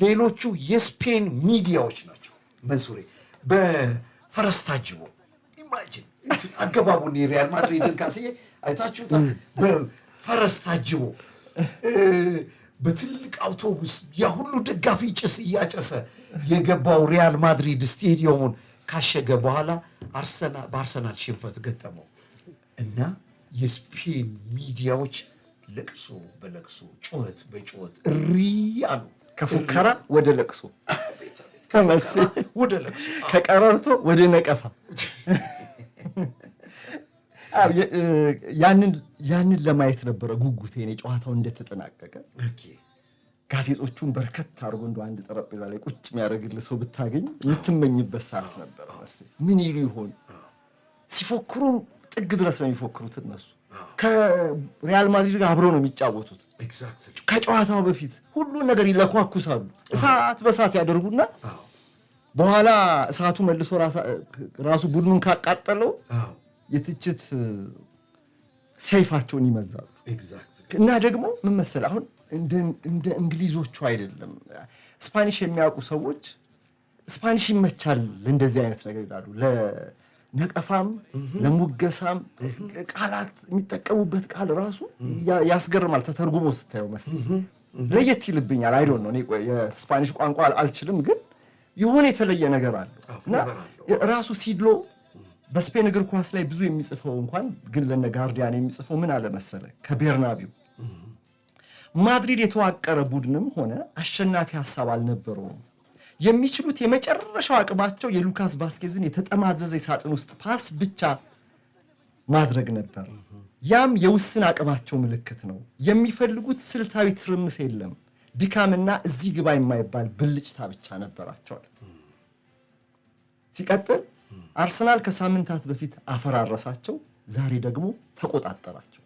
ሌሎቹ የስፔን ሚዲያዎች ናቸው። መንሱሬ በፈረስ ታጅቦ ኢማጂን አገባቡን የሪያል ማድሪድን ካስዬ አይታችሁታል። በፈረስ ታጅቦ በትልቅ አውቶቡስ ያ ሁሉ ደጋፊ ጭስ እያጨሰ የገባው ሪያል ማድሪድ ስቴዲየሙን ካሸገ በኋላ በአርሰናል ሽንፈት ገጠመው እና የስፔን ሚዲያዎች ለቅሶ በለቅሶ ጩኸት በጩኸት እሪ አሉ። ከፉከራ ወደ ለቅሶ፣ ወደ ለቅሶ፣ ከቀረርቶ ወደ ነቀፋ ያንን ለማየት ነበረ ጉጉቴ። እኔ ጨዋታው እንደተጠናቀቀ ጋዜጦቹን በርከት አድርጎ እንደ አንድ ጠረጴዛ ላይ ቁጭ የሚያደርግልህ ሰው ብታገኝ የምትመኝበት ሰዓት ነበረ። ምን ይሉ ይሆን? ሲፎክሩም ጥግ ድረስ ነው የሚፎክሩት እነሱ ከሪያል ማድሪድ ጋር አብረው ነው የሚጫወቱት። ከጨዋታው በፊት ሁሉን ነገር ይለኳኩሳሉ። እሳት በእሳት ያደርጉና በኋላ እሳቱ መልሶ ራሱ ቡድኑን ካቃጠለው የትችት ሰይፋቸውን ይመዛሉ። እና ደግሞ ምን መሰለህ አሁን እንደ እንግሊዞቹ አይደለም። ስፓኒሽ የሚያውቁ ሰዎች ስፓኒሽ ይመቻል እንደዚህ አይነት ነገር ይላሉ ነቀፋም ለሙገሳም ቃላት የሚጠቀሙበት ቃል ራሱ ያስገርማል። ተተርጉሞ ስታየው መስ ለየት ይልብኛል። አይ ዶንት ኖ የስፓኒሽ ቋንቋ አልችልም፣ ግን የሆነ የተለየ ነገር አለው እና ራሱ ሲድሎ በስፔን እግር ኳስ ላይ ብዙ የሚጽፈው እንኳን ግን ለነ ጋርዲያን የሚጽፈው ምን አለ መሰለ ከቤርናቢው ማድሪድ የተዋቀረ ቡድንም ሆነ አሸናፊ ሀሳብ አልነበረውም። የሚችሉት የመጨረሻው አቅማቸው የሉካስ ቫስኬዝን የተጠማዘዘ የሳጥን ውስጥ ፓስ ብቻ ማድረግ ነበር። ያም የውስን አቅማቸው ምልክት ነው። የሚፈልጉት ስልታዊ ትርምስ የለም። ድካምና እዚህ ግባ የማይባል ብልጭታ ብቻ ነበራቸዋል። ሲቀጥል አርሰናል ከሳምንታት በፊት አፈራረሳቸው፣ ዛሬ ደግሞ ተቆጣጠራቸው፣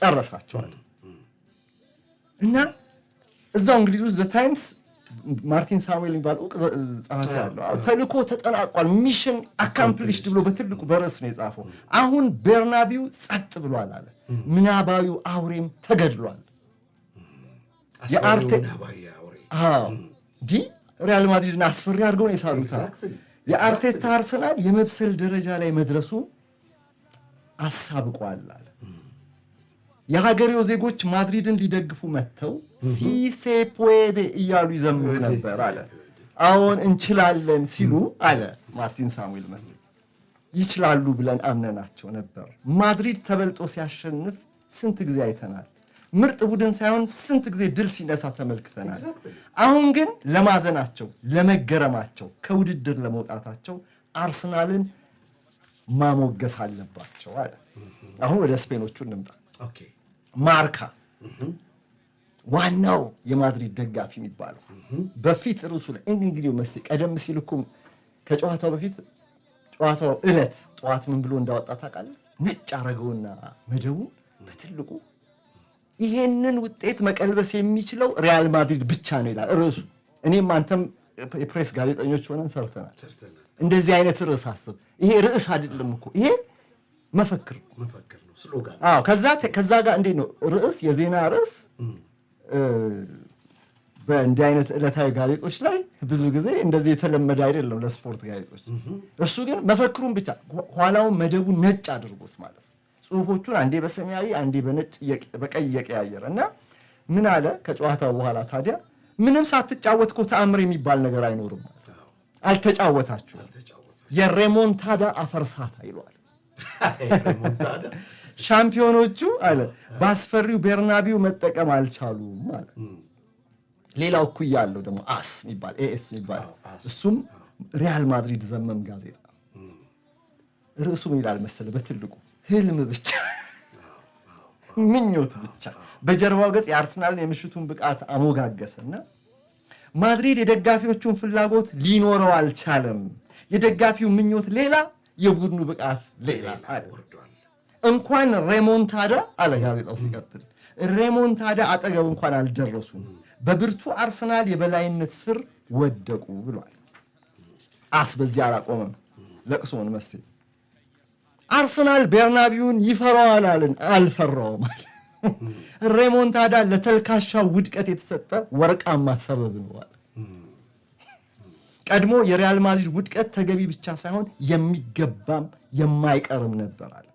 ጨረሳቸዋል እና እዛው እንግሊዝ ውስጥ ዘ ታይምስ ማርቲን ሳሙኤል የሚባል እውቅ ጸሐፊ አለው። ተልእኮ ተጠናቋል፣ ሚሽን አካምፕሊሽድ ብሎ በትልቁ በርዕስ ነው የጻፈው። አሁን በርናቢው ጸጥ ብሏል አለ። ምናባዊው አውሬም ተገድሏል። ዲ ሪያል ማድሪድን አስፈሪ አድርገው ነው የአርቴታ አርሰናል የመብሰል ደረጃ ላይ መድረሱ አሳብቋል አለ የሀገሬው ዜጎች ማድሪድን ሊደግፉ መጥተው ሲሴፖዴ እያሉ ይዘምሩ ነበር አለ። አሁን እንችላለን ሲሉ አለ ማርቲን ሳሙኤል መስል ይችላሉ ብለን አምነናቸው ነበር። ማድሪድ ተበልጦ ሲያሸንፍ ስንት ጊዜ አይተናል። ምርጥ ቡድን ሳይሆን ስንት ጊዜ ድል ሲነሳ ተመልክተናል። አሁን ግን ለማዘናቸው፣ ለመገረማቸው፣ ከውድድር ለመውጣታቸው አርሰናልን ማሞገስ አለባቸው አለ። አሁን ወደ ስፔኖቹ እንምጣ። ማርካ ዋናው የማድሪድ ደጋፊ የሚባለው በፊት ርሱ ላይ እንግዲህ መስ ቀደም ሲል እኮ ከጨዋታው በፊት ጨዋታው እለት ጠዋት ምን ብሎ እንዳወጣ ታውቃለህ? ነጭ አረገውና መደቡን በትልቁ ይሄንን ውጤት መቀልበስ የሚችለው ሪያል ማድሪድ ብቻ ነው ይላል ርዕሱ። እኔም አንተም የፕሬስ ጋዜጠኞች ሆነን ሰርተናል። እንደዚህ አይነት ርዕስ አስብ። ይሄ ርዕስ አይደለም እኮ ይሄ መፈክር ከዛ ጋር እንዴት ነው ርዕስ የዜና ርዕስ በእንዲህ አይነት ዕለታዊ ጋዜጦች ላይ ብዙ ጊዜ እንደዚህ የተለመደ አይደለም ለስፖርት ጋዜጦች። እርሱ ግን መፈክሩን ብቻ ኋላውን መደቡን ነጭ አድርጎት ማለት ነው። ጽሁፎቹን አንዴ በሰማያዊ አንዴ በነጭ በቀይ እየቀያየረ እና ምን አለ ከጨዋታው በኋላ ታዲያ ምንም ሳትጫወት እኮ ተአምር የሚባል ነገር አይኖርም። አልተጫወታችሁም የሬሞንታዳ አፈርሳታ ይለዋል። ሻምፒዮኖቹ አለ በአስፈሪው ቤርናቢው መጠቀም አልቻሉም አለ። ሌላው እኩያ አለው ደግሞ አስ የሚባል ኤኤስ የሚባል እሱም ሪያል ማድሪድ ዘመም ጋዜጣ ርዕሱ ምን ይላል መሰለ? በትልቁ ህልም ብቻ ምኞት ብቻ። በጀርባው ገጽ የአርሰናልን የምሽቱን ብቃት አሞጋገሰና ማድሪድ የደጋፊዎቹን ፍላጎት ሊኖረው አልቻለም። የደጋፊው ምኞት ሌላ፣ የቡድኑ ብቃት ሌላ አለ። እንኳን ሬሞንታዳ አለ ጋዜጣው ሲቀጥል፣ ሬሞንታዳ አጠገብ እንኳን አልደረሱም። በብርቱ አርሰናል የበላይነት ስር ወደቁ ብሏል። አስ በዚህ አላቆመም ለቅሶን መሴ አርሰናል ቤርናቢውን ይፈራዋል አልን አልፈራውም አለ። ሬሞንታዳ ለተልካሻ ውድቀት የተሰጠ ወርቃማ ሰበብ ነዋል። ቀድሞ የሪያል ማድሪድ ውድቀት ተገቢ ብቻ ሳይሆን የሚገባም የማይቀርም ነበር አለ።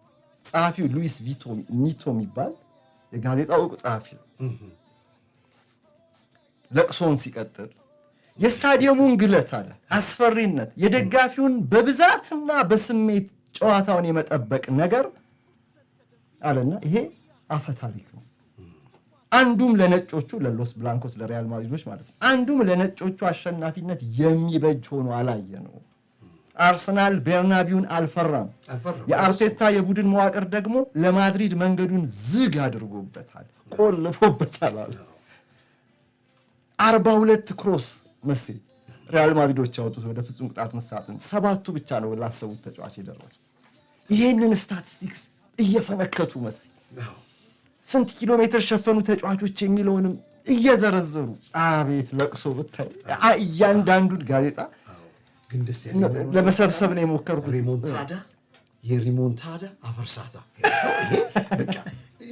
ጸሐፊው ሉዊስ ቪቶ ኒቶ የሚባል የጋዜጣው ዕውቅ ጸሐፊ ነው። ለቅሶውን ሲቀጥል የስታዲየሙን ግለት አለ፣ አስፈሪነት፣ የደጋፊውን በብዛትና በስሜት ጨዋታውን የመጠበቅ ነገር አለና ይሄ አፈ ታሪክ ነው። አንዱም ለነጮቹ ለሎስ ብላንኮስ ለሪያል ማድሪዶች ማለት ነው። አንዱም ለነጮቹ አሸናፊነት የሚበጅ ሆኖ አላየ ነው። አርሰናል ቤርናቢውን አልፈራም። የአርቴታ የቡድን መዋቅር ደግሞ ለማድሪድ መንገዱን ዝግ አድርጎበታል፣ ቆልፎበታል አለ። አርባ ሁለት ክሮስ መሴ ሪያል ማድሪዶች ያወጡት ወደ ፍጹም ቅጣት መሳጥን ሰባቱ ብቻ ነው ላሰቡት ተጫዋች የደረሱ። ይህንን ስታቲስቲክስ እየፈነከቱ መሴ ስንት ኪሎ ሜትር ሸፈኑ ተጫዋቾች የሚለውንም እየዘረዘሩ አቤት ለቅሶ ብታይ እያንዳንዱን ጋዜጣ ግን ደስ ያለ ለመሰብሰብ ነው የሞከርኩት። ሪሞንታዳ የሪሞንታዳ አፈርሳታ በቃ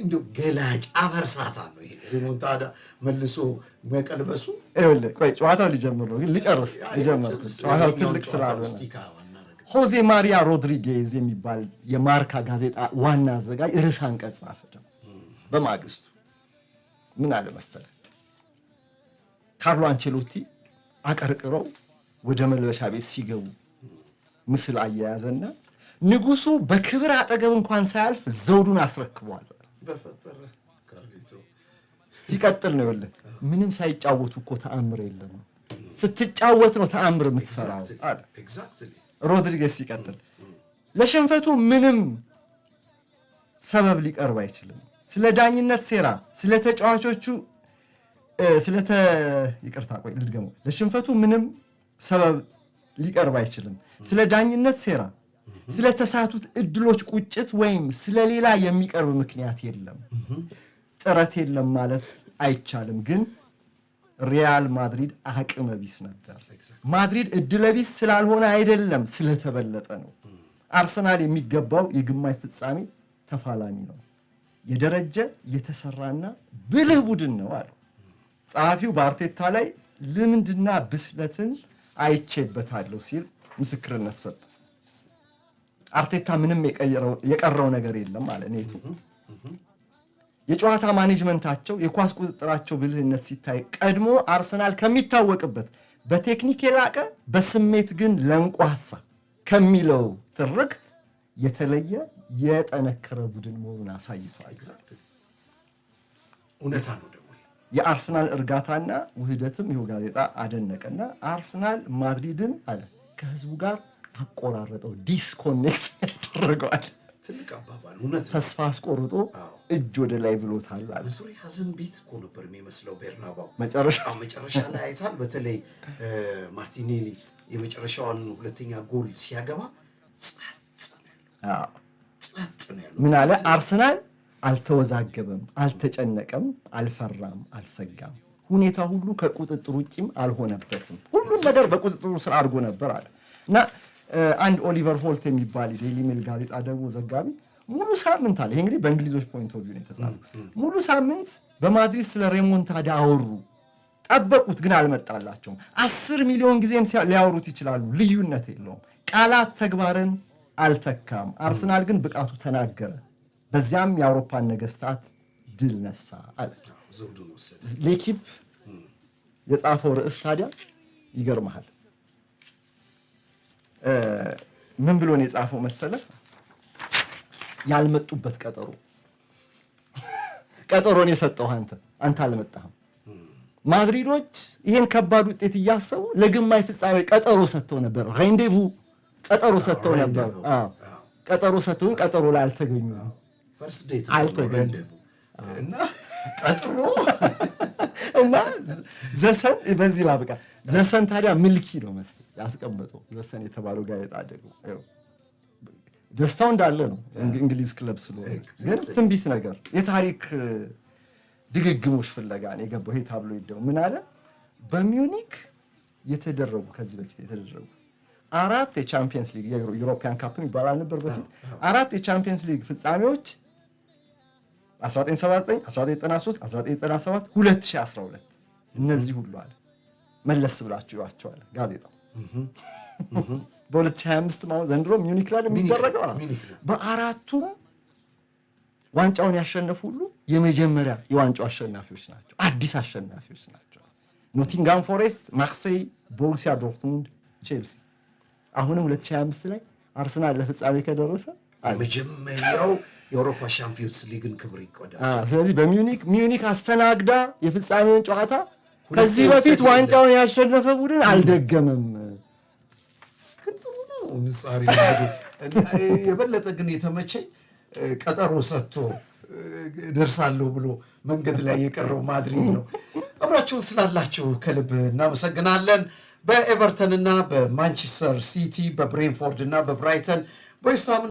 እንዲ ገላጭ አፈርሳታ ነው ይሄ ሪሞንታዳ መልሶ መቀልበሱ። ይኸውልህ ቆይ ጨዋታው ሊጀምር ነው፣ ግን ልጨርስ ልጀምር። ጨዋታው ትልቅ ስራ ሆዜ ማሪያ ሮድሪጌዝ የሚባል የማርካ ጋዜጣ ዋና አዘጋጅ ርዕሰ አንቀጽ ጻፈ። በማግስቱ ምን አለ መሰለህ ካርሎ አንቸሎቲ አቀርቅረው ወደ መልበሻ ቤት ሲገቡ ምስል አያያዘና ንጉሱ በክብር አጠገብ እንኳን ሳያልፍ ዘውዱን አስረክቧል። ሲቀጥል ነው ይኸውልህ፣ ምንም ሳይጫወቱ እኮ ተአምር የለም፣ ስትጫወት ነው ተአምር የምትሰራው። ሮድሪጌስ ሲቀጥል ለሽንፈቱ ምንም ሰበብ ሊቀርብ አይችልም። ስለ ዳኝነት ሴራ፣ ስለ ተጫዋቾቹ፣ ስለተ ይቅርታ፣ ቆይ ልድገመው። ለሽንፈቱ ምንም ሰበብ ሊቀርብ አይችልም። ስለ ዳኝነት ሴራ፣ ስለተሳቱት እድሎች ቁጭት ወይም ስለሌላ የሚቀርብ ምክንያት የለም። ጥረት የለም ማለት አይቻልም። ግን ሪያል ማድሪድ አቅመ ቢስ ነበር። ማድሪድ እድለ ቢስ ስላልሆነ አይደለም፣ ስለተበለጠ ነው። አርሰናል የሚገባው የግማሽ ፍጻሜ ተፋላሚ ነው። የደረጀ የተሰራና ብልህ ቡድን ነው አለው ጸሐፊው በአርቴታ ላይ ልምድና ብስለትን አይቼበታለሁ ሲል ምስክርነት ሰጠ። አርቴታ ምንም የቀረው ነገር የለም አለ ኔቱ። የጨዋታ ማኔጅመንታቸው፣ የኳስ ቁጥጥራቸው ብልህነት ሲታይ ቀድሞ አርሰናል ከሚታወቅበት በቴክኒክ የላቀ በስሜት ግን ለንቋሳ ከሚለው ትርክት የተለየ የጠነከረ ቡድን መሆኑን አሳይቷል። እውነታ ነው። የአርሰናል እርጋታና ውህደትም ይኸው ጋዜጣ አደነቀና አርሰናል ማድሪድን አለ ከህዝቡ ጋር አቆራረጠው፣ ዲስኮኔክት ያደረገዋል። ተስፋ አስቆርጦ እጅ ወደ ላይ ብሎታል አለ። ዙሪ ሀዘን ቤት እኮ ነበር የሚመስለው ቤርናባው። መጨረሻ ላይ አይታል። በተለይ ማርቲኔሊ የመጨረሻዋን ሁለተኛ ጎል ሲያገባ ጸጥ ነው ያለው። ምን አለ አርሰናል አልተወዛገበም፣ አልተጨነቀም፣ አልፈራም፣ አልሰጋም። ሁኔታ ሁሉ ከቁጥጥር ውጭም አልሆነበትም። ሁሉም ነገር በቁጥጥሩ ስራ አድርጎ ነበር አለ እና አንድ ኦሊቨር ሆልት የሚባል ዴይሊ ሜል ጋዜጣ ደግሞ ዘጋቢ ሙሉ ሳምንት አለ። ይሄ እንግዲህ በእንግሊዞች ፖይንት ኦፍ ቪው ነው የተጻፈው። ሙሉ ሳምንት በማድሪድ ስለ ሬሞንታዳ አወሩ። ጠበቁት፣ ግን አልመጣላቸውም። አስር ሚሊዮን ጊዜም ሊያወሩት ይችላሉ፣ ልዩነት የለውም። ቃላት ተግባርን አልተካም። አርሰናል ግን ብቃቱ ተናገረ። በዚያም የአውሮፓን ነገስታት ድል ነሳ አለ። ሌኪፕ የጻፈው ርዕስ ታዲያ ይገርመሃል። ምን ብሎ ነው የጻፈው መሰለ? ያልመጡበት ቀጠሮ ቀጠሮን የሰጠው አንተ አንተ አልመጣህም። ማድሪዶች ይህን ከባድ ውጤት እያሰቡ ለግማሽ ፍጻሜ ቀጠሮ ሰጥተው ነበር። ሬንዴቭ ቀጠሮ ሰጥተው ነበር። ቀጠሮ ሰጥተውን ቀጠሮ ላይ አልተገኙም። ፈርስት ዴት እና ቀጥሮ እና ዘሰን በዚህ ላብቃ። ዘሰን ታዲያ ምልኪ ነው መሰለኝ ያስቀመጠው ዘሰን የተባለው ጋዜጣ ደግሞ ደስታው እንዳለ ነው። እንግሊዝ ክለብ ስለሆነ ግን ትንቢት ነገር የታሪክ ድግግሞች ፍለጋ ነው የገባው። ይሄ ታብሎይድ ደግሞ ምን አለ? የተደረጉ ከዚህ በፊት የተደረጉ አራት የቻምፒየንስ ሊግ የዩሮፒያን ካፕ ይባላል ነበር በፊት አራት የቻምፒየንስ ሊግ ፍጻሜዎች 1979 1993 2012 እነዚህ ሁሉ አለ መለስ ብላችሁ ይዋቸዋል ጋዜጣው በ2025 ማለት ዘንድሮ ሚኒክ ላይ የሚደረገው በአራቱም ዋንጫውን ያሸነፉ ሁሉ የመጀመሪያ የዋንጫው አሸናፊዎች ናቸው። አዲስ አሸናፊዎች ናቸው። ኖቲንጋም ፎሬስት፣ ማርሴይ፣ ቦሩሲያ ዶርትሙንድ፣ ቼልሲ። አሁንም 2025 ላይ አርሰናል ለፍጻሜ ከደረሰ መጀመሪያው የአውሮፓ ሻምፒዮንስ ሊግን ክብር ይቆዳል። ስለዚህ በሚዩኒክ ሚዩኒክ አስተናግዳ የፍጻሜውን ጨዋታ ከዚህ በፊት ዋንጫውን ያሸነፈ ቡድን አልደገመም። ነው ምሳሪ የበለጠ ግን የተመቸኝ ቀጠሮ ሰጥቶ ደርሳለሁ ብሎ መንገድ ላይ የቀረው ማድሪድ ነው። አብራችሁን ስላላችሁ ከልብ እናመሰግናለን። በኤቨርተን እና በማንቸስተር ሲቲ፣ በብሬንፎርድ እና በብራይተን በዌስትሃም